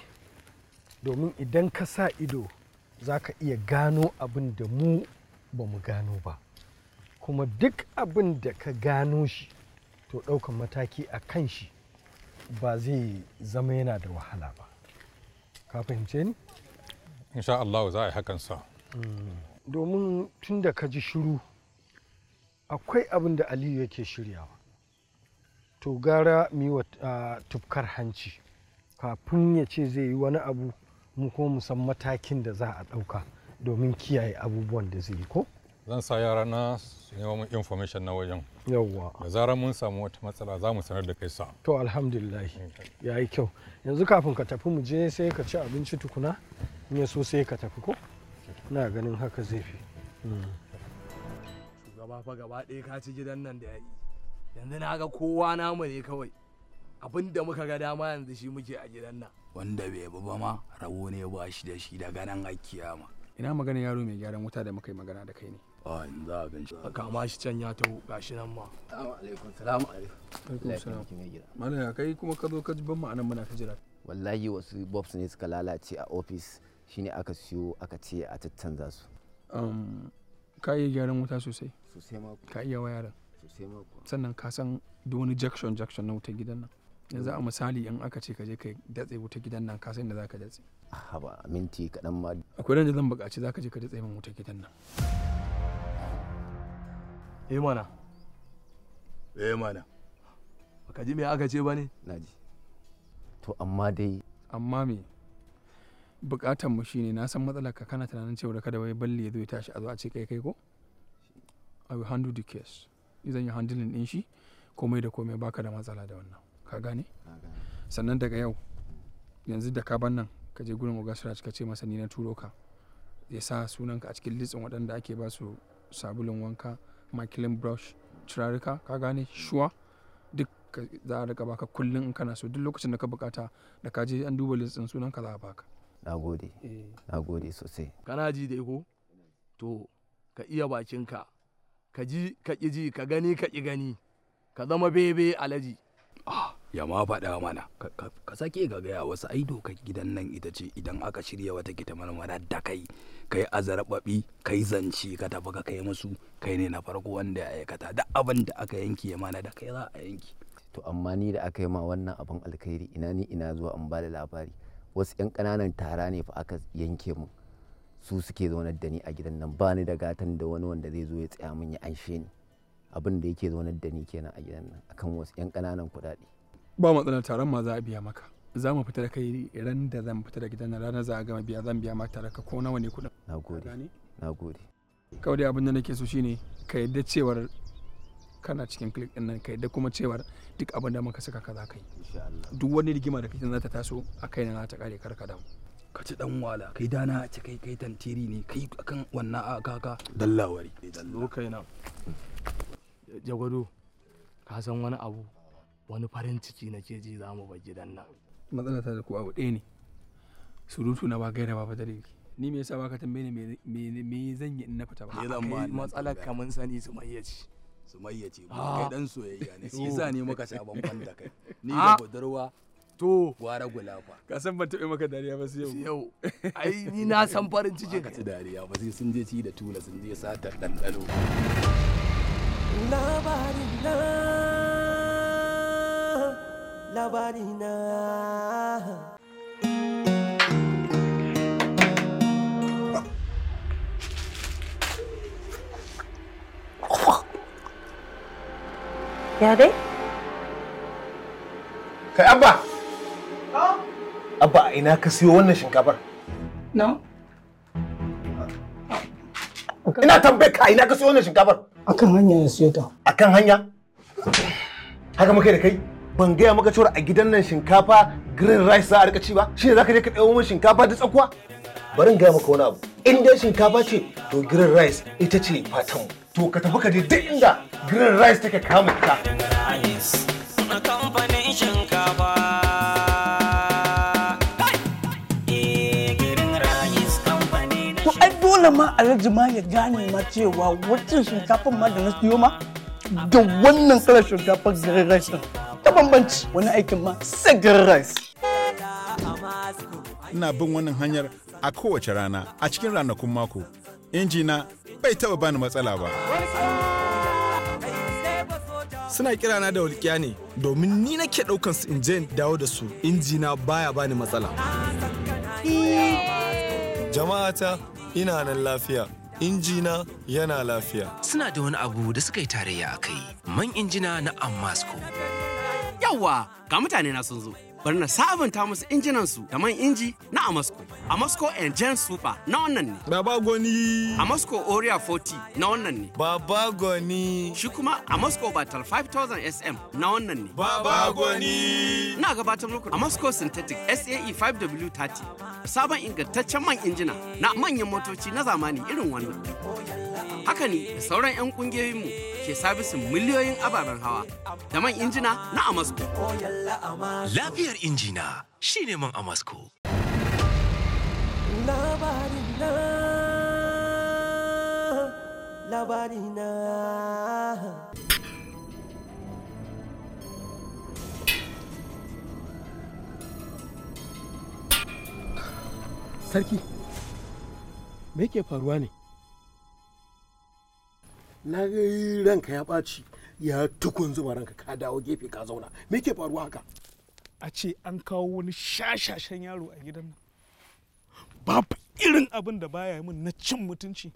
domin idan ka sa ido za ka iya gano abin da mu ba mu gano ba kuma duk abin da ka gano shi to ɗaukan mataki a kan shi ba zai zama yana da wahala ba ka fahimce ni? insha Allah za a yi hakan sa hmm. domin tun da ka ji shiru akwai abin da aliyu yake shiryawa to gara miwa ah, tufkar hanci kafin ya ce zai yi wani abu mu ko mu san matakin da za a ɗauka domin kiyaye abubuwan da zai yi ko zan sa yara na su nemo information na wajen yawwa da zarar mun samu wata matsala za mu sanar da kai sa to alhamdulillah ya yi kyau yanzu kafin ka tafi mu je sai ka ci abinci tukuna in ya so sai ka tafi ko ina ganin haka zai fi hmm. shugaba fa gaba ɗaya ka ci gidan nan da ya yanzu na ga kowa namu ne kawai abin da muka ga dama yanzu shi muke a gidan nan wanda bai bi ba ma rabo ne ba shi da shi daga nan kiyama ina magana yaro mai gyaran wuta da muka yi magana da kai ne a yanzu a gan shi kama shi can ya taho gashi nan ma assalamu alaikum assalamu alaikum malaya kai kuma ka zo ka ji ban mu anan muna ta jira wallahi wasu bobs ne suka lalace a ofis, shine aka siyo aka ce a tattanza su um, ka yi gyaran wuta sosai sosai ma ka iya wayaran sosai ma sannan ka san duk wani jackson jackson na wutar gidan nan yanzu a misali in aka ce ka je ka datse wuta gidan nan ka da zaka datse haba minti kaɗan ma akwai ran da zan bukaci zaka je ka datse min wuta gidan nan eh mana eh mana baka ji me aka ce ba ne naji to amma dai amma me bukatan mu shine na san matsalar ka kana tunanin cewa kada wai balle ya zo ya tashi a zo a ce kai kai ko i will handle the case izan ya handling din shi komai da komai baka da matsala da wannan ka gane sannan daga yau yanzu da ka nan ka je gurin ogasiraj ka ce masa ni na turo ka ya sa sunanka a cikin litsin waɗanda ake ba su sabulun wanka makilin brush turarika ka gane shuwa duk za a rika baka kullum in kana so duk lokacin da ka bukata da ka je an duba litsin sunanka za a baka nagode eh. nagode sosai kana ji da to ka iya bakinka ka ji ka ƙi ji ka gani ka ƙi gani ka zama bebe alaji ya ma faɗa mana ka sake ga gaya wasu ai dokar gidan nan ita ce idan aka shirya wata gita marmara da kai kai ka kai zance ka tafi ka kai musu kai ne na farko wanda ya aikata da abin da aka yanke ya mana da kai za a yanki to amma ni da aka yi ma wannan abin alkhairi ina ni ina zuwa in ba da labari wasu yan kananan tara ne fa aka yanke mu su suke zaunar da ni a gidan nan ba ni da gatan da wani wanda zai zo ya tsaya min ya anshe ni abin da yake zaunar da ni kenan a gidan nan akan wasu yan kananan kuɗaɗe ba tsanar taron ma za a biya maka za mu fita da kai ran da zan fita da gidan ranar za a gama biya zan biya maka tare ka ko nawa ne kuɗin na gode na gode kawai dai abin da nake so shine ka yadda cewar kana cikin click din nan ka yadda kuma cewar duk abin da muka saka kaza kai duk wani rigima da kake za ta taso a kai na ta kare karka da ka ci dan wala kai dana a ci kai kai tantiri ne kai akan wannan a kaka dallawari dallawari kai na jagwado ka san wani abu wani farin ciki na ke ji za mu bar gidan nan matsala ta da ku abu ɗaya ne surutu na ba gaira ba dalili ni me yasa baka tambaye ni me zan yi in na fita ba ah. kai matsalar ka mun sani su mayyaci su mayyaci ba kai dan soyayya ne shi yasa ne muka sha banban da kai ni da ah. budurwa to gwara gulafa ka san ban taɓa maka dariya ba sai yau ai ni na san farin cikin ka ci dariya ba sai sun je ci da tula sun je satar dandano labarin nan. labarina ya dai kai abba abba a ina ka siyo wannan shinkafar no ina tambaye ka ina ka siyo wannan shinkafar akan hanya ya siyo ta akan hanya haka muke da kai ban gaya maka cewa a gidan nan shinkafa green rice za a rika ci ba shi ne zaka je ka ɗauko min shinkafa da tsakuwa bari in gaya maka wani abu in dai shinkafa ce to green rice ita ce fatan to ka tafi ka je duk inda green rice take kama ka e, To ai dole ma a ya gane ma cewa wacin shinkafan ma da na siyo ma da wannan kalar shinkafar garin rice ta bambanci wani aikin ma sai garin rice ina bin wannan hanyar a kowace rana a cikin ranakun mako injina bai taɓa bani matsala ba suna kirana da walƙiya ne domin ni nake ɗaukan su injin dawo da su injina baya bani matsala jama'ata ina nan lafiya injina yana lafiya. Suna da wani abu da suka yi tarayya a kai, man injina na Amasco. Yawwa, ga mutane na sun zo. bari na sabunta musu injinan su da man inji na Amasco. Amasco Engen Super na wannan ne. Baba Goni. Amasco Oria 40 na wannan ne. Baba Goni. Shi kuma Amasco Battle 5000 SM na wannan ne. Baba Goni. Na gabatar muku Amasco Synthetic SAE 5W30 sabon ingantaccen man injina na manyan motoci na zamani irin wannan. Haka ne da sauran 'yan kungiyoyinmu ke sabisin miliyoyin ababen hawa da man injina na Amasco. Oh, Lafiyar tsakar injina shine man Amasko. Labarina, labarina. Sarki, me ke faruwa ne? Na ranka ya ɓaci ya tukun zuma ranka ka dawo gefe ka zauna. Me ke faruwa haka? a ce an kawo wani shashashen yaro a gidan nan babu irin abin da baya min na cin mutunci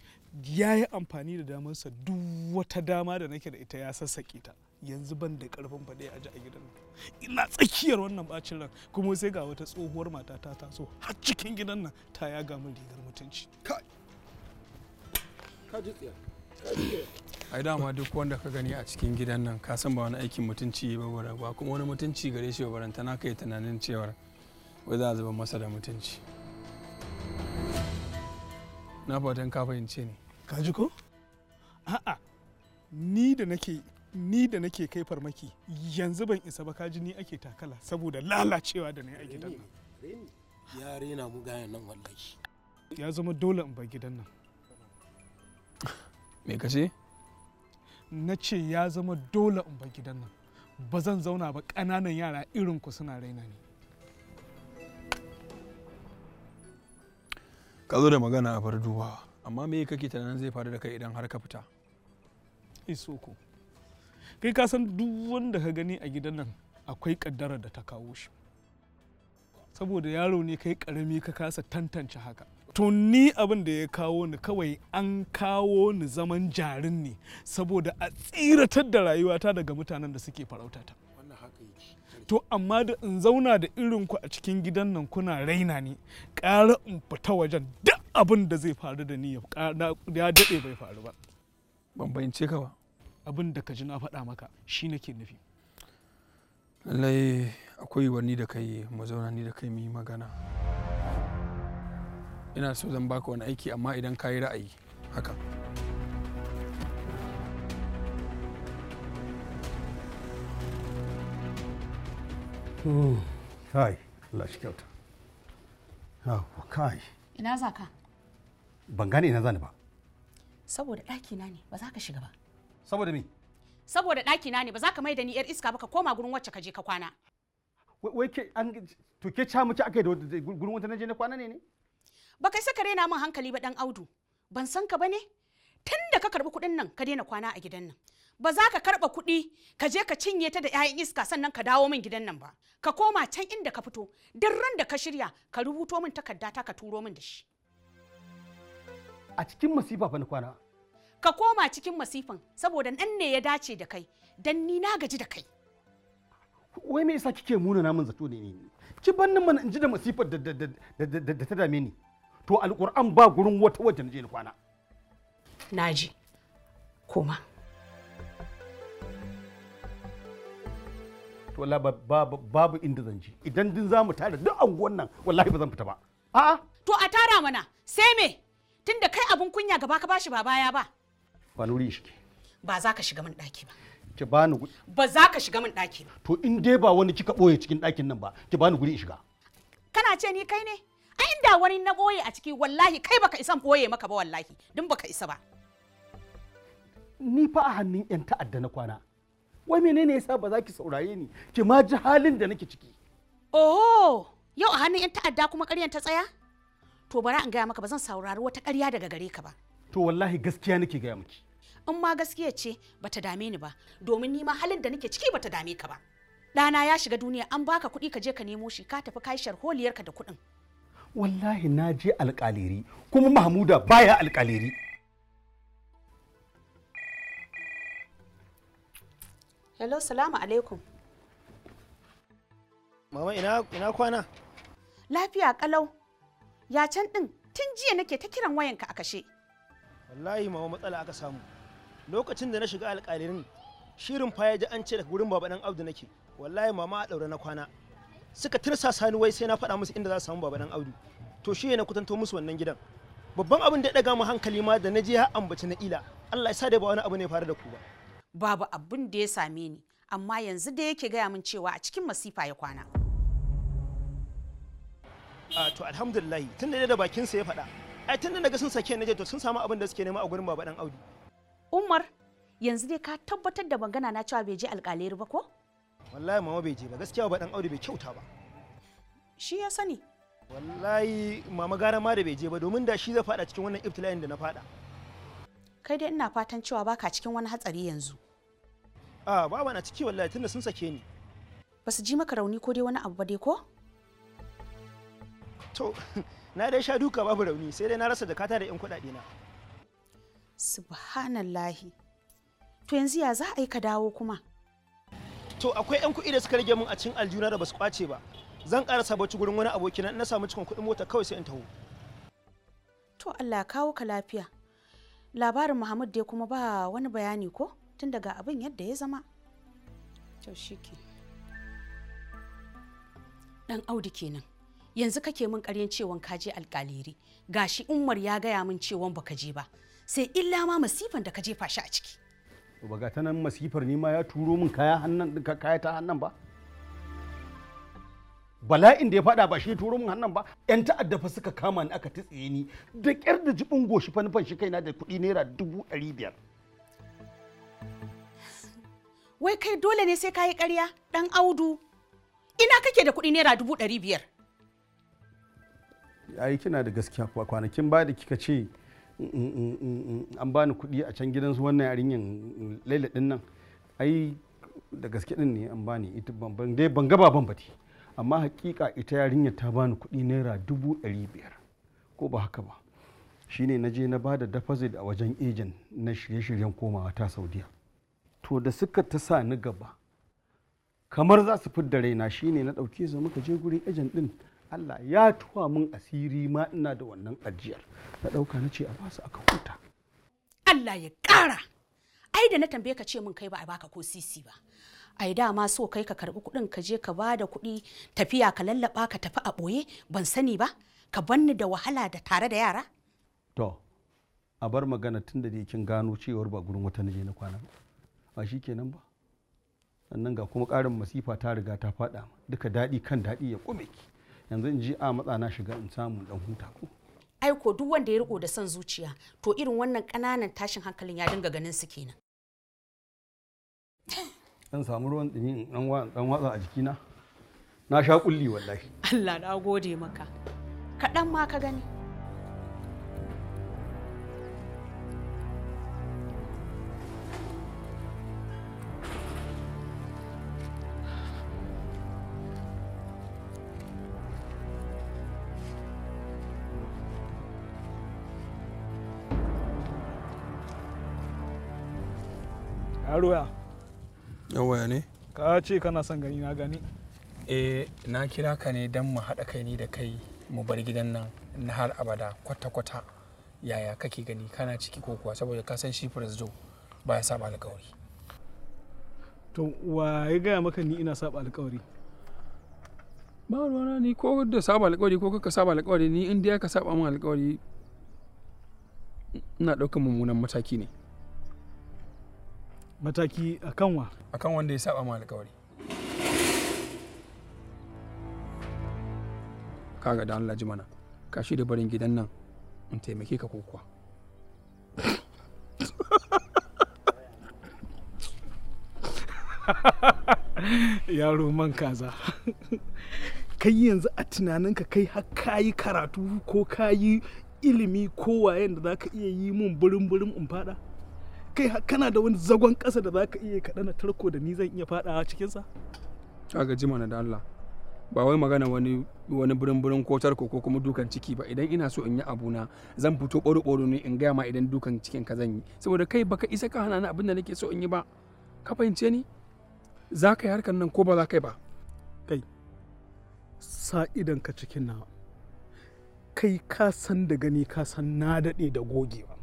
ya yi amfani da damarsa duk wata dama da nake da ita ya sassaƙe ta yanzu ban da ƙarfin faɗe a ji a gidan nan ina tsakiyar wannan bacin ran kuma sai ga wata tsohuwar mata ta taso har cikin gidan nan ta yaga min rigar mutunci ai dama duk wanda ka gani a cikin gidan nan ka san ba wani aikin mutunci ba wara ba kuma wani mutunci gare shi ba baranta na kai tunanin cewar wai za a zuba masa da mutunci na fatan ka fahimce ne. ka ji ko a'a ni da nake ni da nake kai farmaki yanzu ban isa ba kaji ni ake takala saboda lalacewa da na a gidan nan ya rena mu gayan nan wallahi ya zama dole in bar gidan nan me kace na ce ya zama dole in bar gidan nan ba zan zauna ba ƙananan yara irin ku suna raina ne ka zo da magana a bar duba amma me kake tunanin zai faru da kai idan har ka fita iso kai ka san duk wanda ka gani a gidan nan akwai kaddarar da ta kawo shi saboda yaro ne kai karami ka kasa tantance haka wato ni abin da ya kawo ni kawai an kawo ni zaman jarin ne saboda a tsiratar da rayuwata daga mutanen da suke farautata to amma da in zauna da irin ku a cikin gidan nan kuna raina ni kara in fita wajen duk abin da zai faru da ni ya daɗe bai faru ba ban ka ba abin da ka ji na faɗa maka shi nake nufi lallai akwai wani da kai mu zauna ni da kai mu yi magana ina so zan baka wani aiki amma idan ka yi ra'ayi haka hmm, kai Allah shi kyauta kai ina za ka ban gane ina zani ba saboda ɗakina ne ba za ka shiga ba saboda me saboda ɗakina ne ba za ka mai da ni 'yar iska ba ka koma gurin wacce ka je ka kwana wai ke an to ke ca muke akai da gurin wata na je na kwana ne ne ba kai saka rena min hankali ba dan audu ban san ka ba ne tun da ka karbi kudin nan ka daina kwana a gidan nan ba za ka karba kudi ka je ka cinye ta da 'ya'yan iska sannan ka dawo min gidan nan ba ka koma can inda ka fito duk ran da ka shirya ka rubuto min takarda ta ka turo min da shi a cikin masifa fa na kwana ka koma cikin masifan saboda nan ne ya dace da kai dan ni na gaji da kai wai me yasa kike muna namun zato ne ni ki ban mana in ji da masifar da ta dame ni to alƙur'an ba gurin wata wajen na je ni kwana naji koma to wallahi babu inda zan je idan din zamu tara duk anguwan nan wallahi ba zan fita ba a'a to a tara mana sai me tunda kai abun kunya gaba ka bashi ba baya ba ba nuri shike ba za ka shiga min daki ba ki bani ba za ka shiga min daki ba to in dai ba wani kika boye cikin dakin nan ba ki bani guri in shiga kana ce ni kai ne ai da wani na boye a ciki wallahi kai baka isan boye maka ba wallahi dun baka isa ba ni fa a hannun yan ta'adda na kwana wai menene yasa ba za ki saurare ni ki ma ji halin da nake ciki oh yau a hannun yan ta'adda kuma ƙaryan ta tsaya to bari an gaya maka ba zan saurari wata ƙarya daga gare ka ba to wallahi gaskiya nake gaya miki in ma gaskiya ce bata dame ni ba domin ni ma halin da nake ciki bata dame ka ba ɗana ya shiga duniya an baka kuɗi ka je ka nemo shi ka tafi kai sharholiyarka da kuɗin wallahi na je alƙaliri kuma mahmuda baya alkaliri. hello salamu alaikum mama ina, kwana lafiya kalau ya can din tun jiya nake ta kiran wayanka a kashe wallahi mama matsala aka samu lokacin da na shiga alƙalirin shirin fa ya ji an ce daga wurin baba dan abdu nake wallahi mama a daure na kwana suka tursa sani wai sai na faɗa musu inda za su samu baba dan audu to shi na kutanto musu wannan gidan babban abin da ya daga mu hankali ma da na je ya ambaci na ila Allah ya sa dai ba wani abu ne faru da ku ba babu abin da ya same ni amma yanzu da yake gaya min cewa a cikin masifa ya kwana a to alhamdulillah tun da da bakin sa ya faɗa ai Tunda da naga sun sake na je to sun samu abin da suke nema a gurin baba dan Audu Umar yanzu dai ka tabbatar da magana na cewa bai je alƙaleri ba ko wallahi mama bai je ba gaskiya ba dan aure bai kyauta ba shi ya sani wallahi mama gara ma da bai je ba domin da shi zai fada cikin wannan iftila'in da na fada kai dai ina fatan cewa baka cikin wani hatsari yanzu a baba na ciki wallahi tunda sun sake ni ba su ji maka rauni ko dai wani abu ba dai ko to na dai sha duka babu rauni sai dai na rasa jakata da yan kuɗaɗe na subhanallahi to yanzu ya za a yi ka dawo kuma to akwai yan kuɗi da suka rage min a cikin aljuna da basu kwace ba zan ƙara bacci gurin wani aboki na samu cikin kuɗin mota kawai sai in taho to Allah kawo ka lafiya labarin Muhammad dai kuma ba wani bayani ko tun daga abin yadda ya zama to shike dan Audu kenan yanzu kake min ƙaryan cewan ka je alƙaliri gashi Umar ya gaya min cewa baka je ba sai illa ma masifan da ka jefa shi a ciki ba ga ta nan masifar nima ma ya turo min kaya hannan kaya ta hannan ba bala'in da ya fada ba shi turo min hannan ba yan ta'adda fa suka kama ni aka tsiye ni da kyar da jibin goshi fa nufan shi kaina da kuɗi naira dubu ɗari biyar wai kai dole ne sai kayi ƙarya ɗan audu ina kake da kuɗi naira dubu ɗari biyar kina da gaskiya kwanakin ba da kika ce an bani kuɗi a can gidansu wannan yarinyan laila din nan ai da gaske din ne an bani ita ban dai ban gaba ban bati amma hakika ita yarinyar ta bani kuɗi naira dubu ɗari biyar ko ba haka ba shine na je na bada deposit a wajen ejen na shirye-shiryen komawa ta saudiya to da suka ta sa ni gaba kamar za su fidda raina shine na ɗauke su muka je gurin ejen din Allah ya tuwa min asiri ma ina da wannan ajiyar na ɗauka na ce a basu aka huta Allah ya ƙara ai da na tambaye ka ce min kai ba a baka ko sisi ba ai dama so kai ka karɓi kuɗin ka je ka bada kuɗi tafiya ka lallaba ka tafi a ɓoye ban sani ba ka banni da wahala da tare da yara to a bar magana tun da kin gano cewar ba gurin wata naje na kwana ba ba shi kenan ba sannan ga kuma ƙarin masifa ta riga ta faɗa duka daɗi kan daɗi ya ƙume ki yanzu in ji a matsa na shiga in samu dan huta ko aiko duk wanda ya riko da son zuciya to irin wannan kananan tashin hankalin ya dinga ganin su kenan dan samu ruwan dumi dan watsa a jikina na sha kulli wallahi Allah na gode maka kaɗan ma ka gani waya yau waya ne ka ce kana son gani na gani eh na kira ka ne don mu haɗa kai ni da kai mu bar gidan nan na har abada kwata-kwata yaya kake gani kana ciki ko kuwa saboda ka san shi firas ba ya saba alkawari to wa ya gaya maka ni ina saba alkawari ba ruwana ni ko da saba alkawari ko kaka saba alkawari ni in ya ka saba min alkawari ina ɗaukar mummunan mataki ne mataki a kanwa a kan wanda ya saba ma alkawari kaga da Allah ji mana ka shi da barin gidan nan in taimake ka ko kuwa yaro man kaza kai yanzu a tunaninka kai har kayi karatu ko kayi ilimi ko wayen da za ka iya yi mun burin burin in fada kai kana da wani zagon kasa da zaka iya kaɗa na tarko da ni zan iya faɗawa cikinsa Kaga jima na da Allah ba wai magana wani wani birin ko tarko ko kuma dukan ciki ba idan ina so in yi abuna zan fito ɓoro ɓoro ne in gaya ma idan dukan cikin ka zan yi saboda kai baka isa ka hana ni abin da nake so in yi ba ka fahimce ni za ka yi harkar nan ko ba za ka yi ba kai sa idan ka cikin na kai ka san da gani ka san na daɗe da gogewa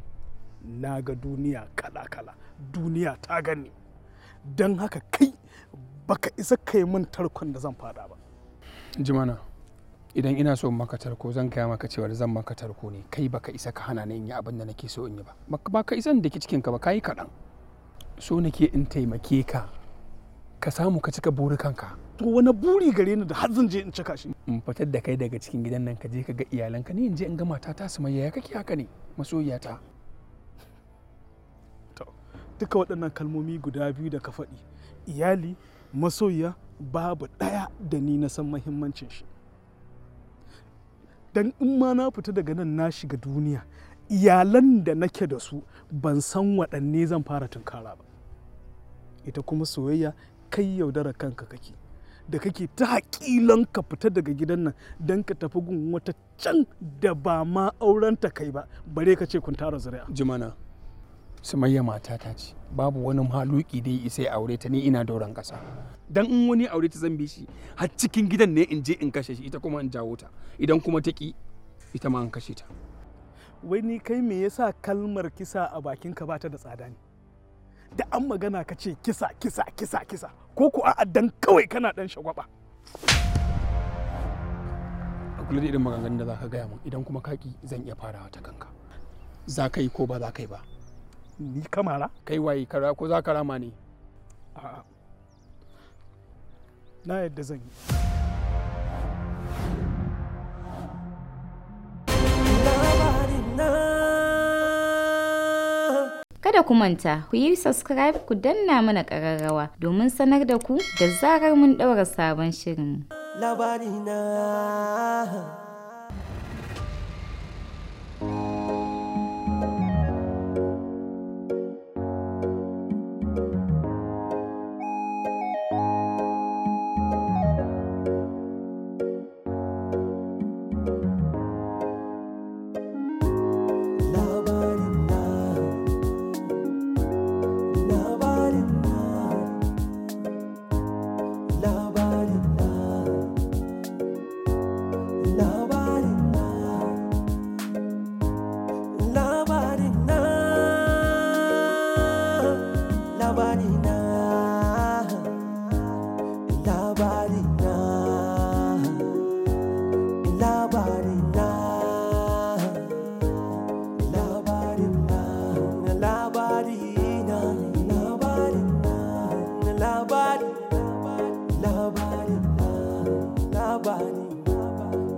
na ga duniya kala-kala duniya ta gani don haka kai baka isa kai min tarkon da zan fada ba jimana idan ina so maka tarko zan kaya maka cewar zan maka tarko ne kai baka isa ka hana ni in yi abin da nake so in yi ba baka isa da ke cikin ka ba kaɗan so nake in taimake ka ka samu ka cika kanka. to wani buri gare ni da har zan je in cika shi in fitar da kai daga cikin gidan nan ka je ka ga iyalanka ne in je in ga matata su mai yaya kake haka ne masoyiyata duka waɗannan kalmomi guda biyu da ka faɗi iyali masoya babu ɗaya da ni na san mahimmancin shi dan in ma na fita daga nan na shiga duniya iyalan da nake da su ban san waɗanne zan fara tunkara ba ita kuma soyayya kai yaudara kanka kake da kake ta haƙilan ka fita daga gidan nan don ka tafi gun wata can da ba ma aurenta kai ba bare ka ce kun tara zuri'a jimana sumayya ta ce babu wani maluki da isa ya aure ta ni ina doron kasa dan in wani aure ta zan bi shi har cikin gidan ne in je in kashe shi ita kuma in jawo ta idan kuma ta ki ita ma an kashe ta wai ni kai me yasa kalmar kisa a bakin ka bata da tsada ne da an magana ka ce kisa kisa kisa kisa ko ku a'a dan kawai kana dan shagwaba a kula da irin maganganun da zaka gaya min idan kuma kaki zan iya farawa ta kanka za ka yi ko ba za ka yi ba ni kamara kai waye kara ko za ka rama ne na yadda zan yi Kada ku manta, ku yi subscribe ku danna mana ƙararrawa domin sanar da ku da zarar mun ɗaura sabon shirin. Labari na